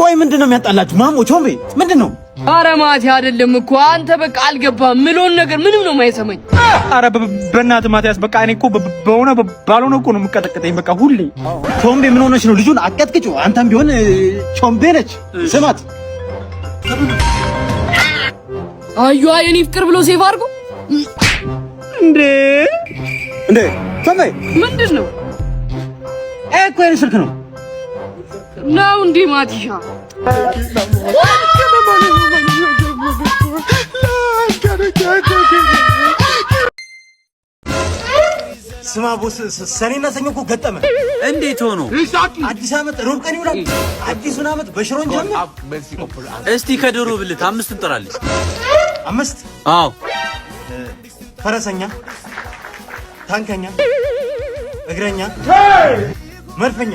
ቆይ ምንድን ነው የሚያጣላችሁ? ማሞ ቾምቤ ምንድን ነው? አረ ማቴ አይደለም እኮ አንተ በቃ አልገባህም። ምሎን ነገር ምንም ነው የማይሰማኝ። አረ በእናትህ ማቲያስ በቃ እኔ እኮ በሆነ ባልሆነ እኮ ነው የምቀጠቅጠኝ። በቃ ሁሌ ቾምቤ ምን ሆነሽ ነው? ልጁን አትቀጥቅጩ። አንተም ቢሆን ቾምቤ ነች። ስማት አዩዋ የኔ ፍቅር ብሎ ሴፍ አድርጎ እንዴ እንዴ ቾምቤ ምንድን ነው እኮ የኔ ስልክ ነው ነው እንዴ ማቲሻ? ስማ ቦስ፣ ሰኔና ሰኞ እኮ ገጠመ። እንዴት ሆኖ? አዲስ ዓመት ሮብ ቀን ይውላል። አዲሱን ዓመት በሽሮ እንጀምር። እስቲ ከዶሮ ብልት አምስት እንጠራለች። አምስት? አዎ። ፈረሰኛ፣ ታንከኛ፣ እግረኛ መድፈኛ።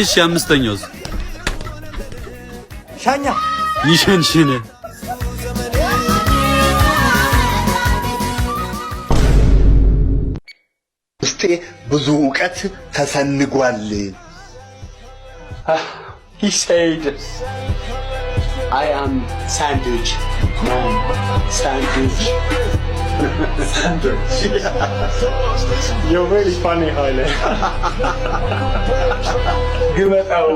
እሺ፣ አምስተኛውስ? ሻኛ ይሸንሽን። ውስጤ ብዙ እውቀት ተሰንጓል። አይ አም ሳንድዊች ሳንድዊች ግመጠው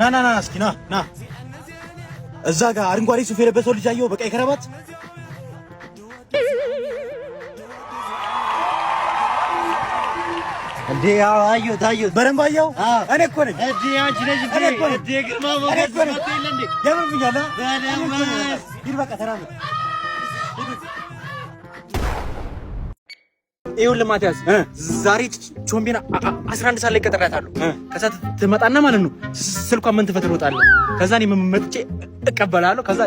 ና ና ና እስኪ ና ና እዛ ጋር አረንጓዴ ሱፍ የለበሰው ልጅ አየሁ በቀይ ከረባት በደንብ አየሁ። እኔ እኮ ነኝ ይኸውልህ ማቲያስ ዛሬ ቾምቤን አስራ ሰዓት ላይ ቀጠራታለሁ። ከዛ ትመጣና ማለት ነው ስልኳን ምን ትፈትል ወጣለህ። ከዛ እኔ መጥቼ እቀበላለሁ። ከዛ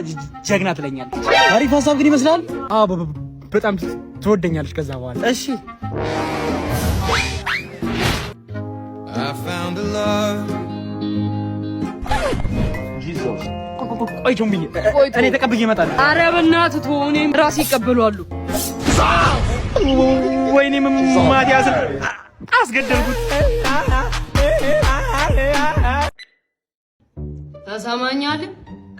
ጀግና ትለኛለህ። አሪፍ ሀሳብ ግን ይመስላል። በጣም ትወደኛለች ከዛ በኋላ እሺ found a love ቆይ ቾምብዬ እኔ ተቀብዬ እመጣለሁ። ኧረ በእናትህ ተወው፣ እኔም ራሴ ይቀበሏሉ። ወይኔ ማቲያስን አስገደልኩት። ተሰማኛለህ?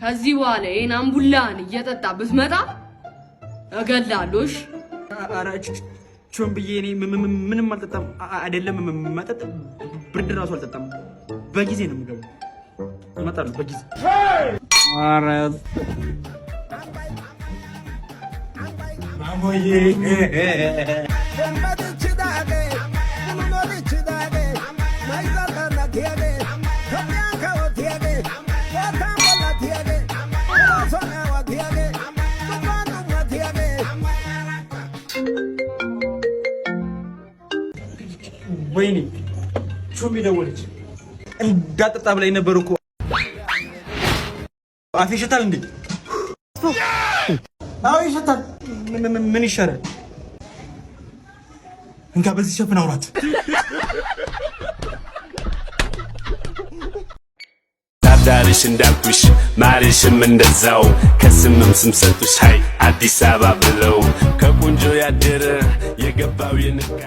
ከዚህ በኋላ ይሄን አምቡላህን እየጠጣ ብትመጣ እገልሃለሁ። እሺ? ቾን ብዬ እኔ ምንም አልጠጣም፣ አይደለም መጠጥ ብርድ ራሱ አልጠጣም። በጊዜ ነው የምገባው፣ እመጣለሁ በጊዜ አረ ወይኔ ቹሚ ደወለች። እንዳጠጣ ብላኝ ነበር እኮ አፌ ይሸታል እንዴ? አዎ ይሸታል። ምን ይሻላል? እንካ በዚህ ሸፍን አውራት። ዳርሽ እንዳልኩሽ ማርሽም እንደዛው ከስምም ስም ሰጡሽ ሀይ አዲስ አበባ ብለው ከቆንጆ ያደረ የገባው የነቃ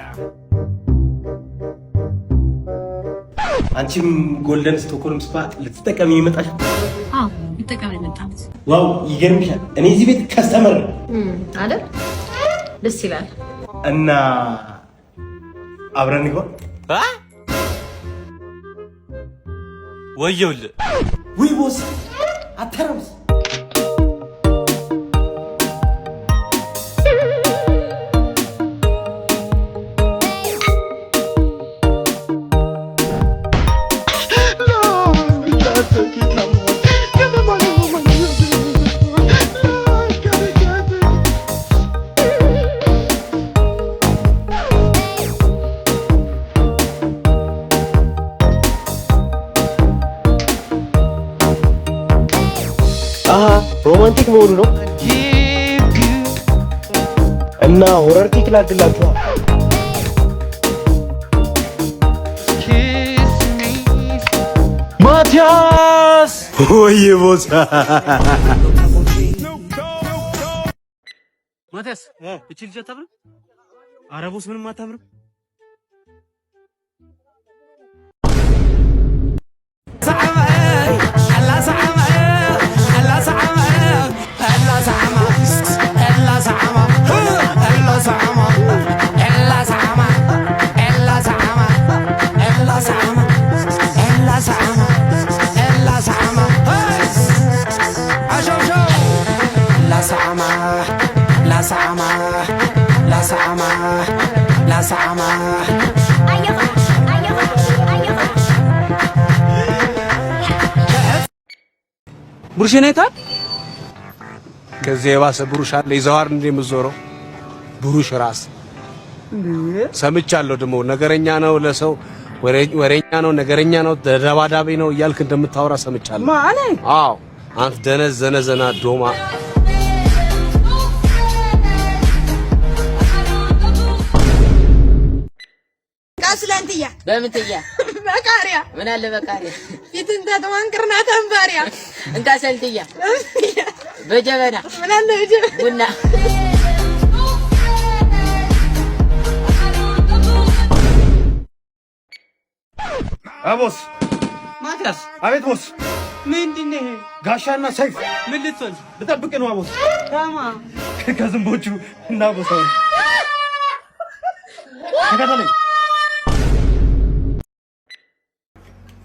አንቺም ጎልደን ስቶኮልም ስፓ ልትጠቀሚ ይመጣሽ። ዋው ይገርምሻል። እኔ እዚህ ቤት ከስተመር አይደል? ደስ ይላል። እና አብረን ይሆን ወየውል ውይ ቦስ አተረምስ ሮማንቲክ መሆኑ ነው እና ሆረር ኬክ ላድላችኋል። ማቲያስ ወይ ቦስ ማቲያስ እቺ ልጅ አታምርም። አረ ቦስ ምንም አታምርም። ብሩሽን አይታል። ከዚህ የባሰ ብሩሽ አለ። ይዘዋር እንደ የምትዞረው ብሩሽ ራስ ሰምቻለሁ። ደግሞ ነገረኛ ነው፣ ለሰው ወሬኛ ነው፣ ነገረኛ ነው፣ ደባዳቢ ነው እያልክ እንደምታወራ ሰምቻለሁ። አዎ አንተ ደነዝ ዘነዘና ዶማ መስለን ትያ በምን ትያ በቃሪያ ምን አለ በቃሪያ ፊትን ተጥዋን ቅርና ተንባሪያ እንታሰል ትያ በጀበና ምን አለ ቡና አቦስ ማክላስ አቤት ቦስ ምንድን ነው ይሄ ጋሻና ሰይፍ ምን ልትሆን ልጠብቅ ነው አቦስ ታማ ከዝንቦቹ እና ቦሳው ተከተለኝ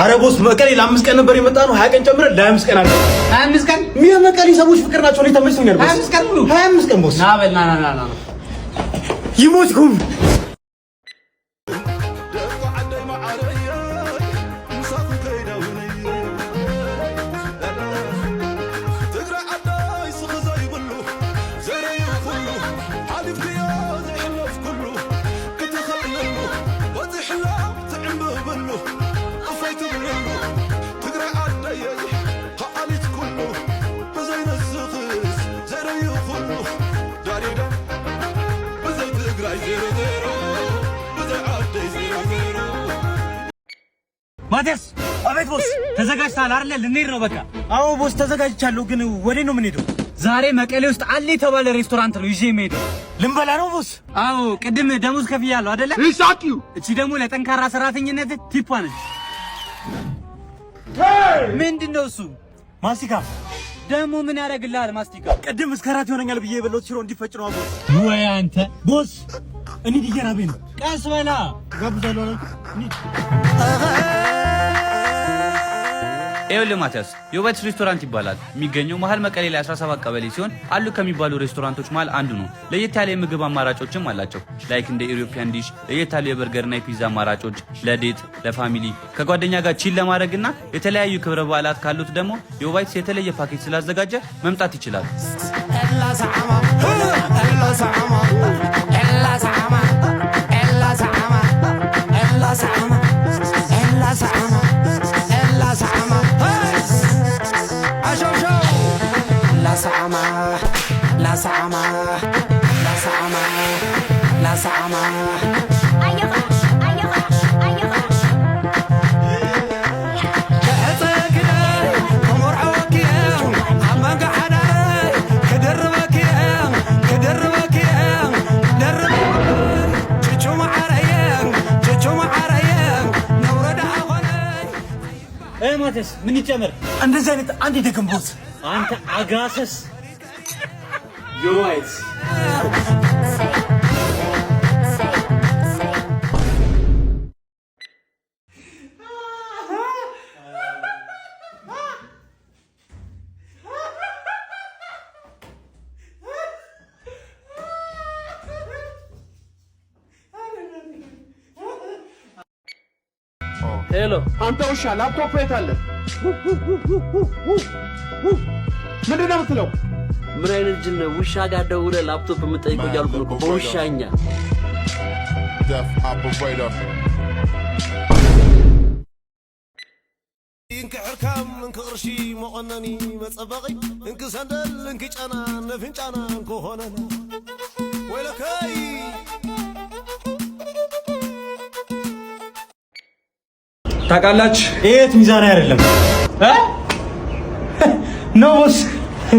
አረቦስ መቀሌ ለአምስት ቀን ነበር የመጣ ነው። ሀያ ቀን ጨምረን ለአምስት ቀን አለ። አምስት ቀን መቀሌ ሰዎች ፍቅር ናቸው። ተመችቶኛል። አምስት ቀን ሙሉ ሀያ ቀን ቦስ ይሞት ተዘጋጅተሃል አይደል? ልንሄድ ነው በቃ። አዎ ቦስ ተዘጋጅቻለሁ፣ ግን ወዴት ነው የምንሄደው? ዛሬ መቀሌ ውስጥ አለ የተባለ ሬስቶራንት ነው ይዤ የምሄደው። ልንበላ ነው ቦስ? አዎ ቅድም ደሞዝ ከፍያለሁ አይደለ? ይሳቂው። እቺ ደግሞ ለጠንካራ ሰራተኝነት ቲፓ ነች። ምንድን ነው እሱ? ማስቲካ ደግሞ ምን ያደርግልሃል? ማስቲካ ቅድም እስከ ራት ይሆነኛል ብዬ የበላሁት ሽሮ እንዲፈጭ ነው። ቦስ ወይ አንተ ቦስ፣ እኔ ዲገራቤ ነው። ቀስ በላ ጋብዛለሁ። ኤዮሌ ማቲያስ የውበት ሬስቶራንት ይባላል። የሚገኘው መሀል መቀሌ ላይ 17 ቀበሌ ሲሆን አሉ ከሚባሉ ሬስቶራንቶች መሀል አንዱ ነው። ለየት ያለ የምግብ አማራጮችም አላቸው። ላይክ እንደ ኢትዮጵያን ዲሽ፣ ለየት ያሉ የበርገርና የፒዛ አማራጮች ለዴት ለፋሚሊ ከጓደኛ ጋር ቺል ለማድረግና የተለያዩ ክብረ በዓላት ካሉት ደግሞ የውባይትስ የተለየ ፓኬጅ ስላዘጋጀ መምጣት ይችላል። ማተስ ምን ይጨመር? እንደዚህ አይነት አንድ የደግንቦት አንተ አጋሰስ ዩሮይት ሄሎ፣ አንተ ውሻ ላፕቶፕ የት አለ? ምንድን ነው የምትለው? ምን አይነት ጅል ነው? ውሻ ጋር ደውለህ ላፕቶፕ የምጠይቀው እያልኩ ነው። በውሻኛ እንክሕርካም እንክቕርሺ መቆነኒ መፀበቒ እንክሰንደል እንክጫና ነፍንጫና እንክኾነና ወይለከይ ታውቃላችሁ። የት ሚዛን አይደለም ነው ቦስ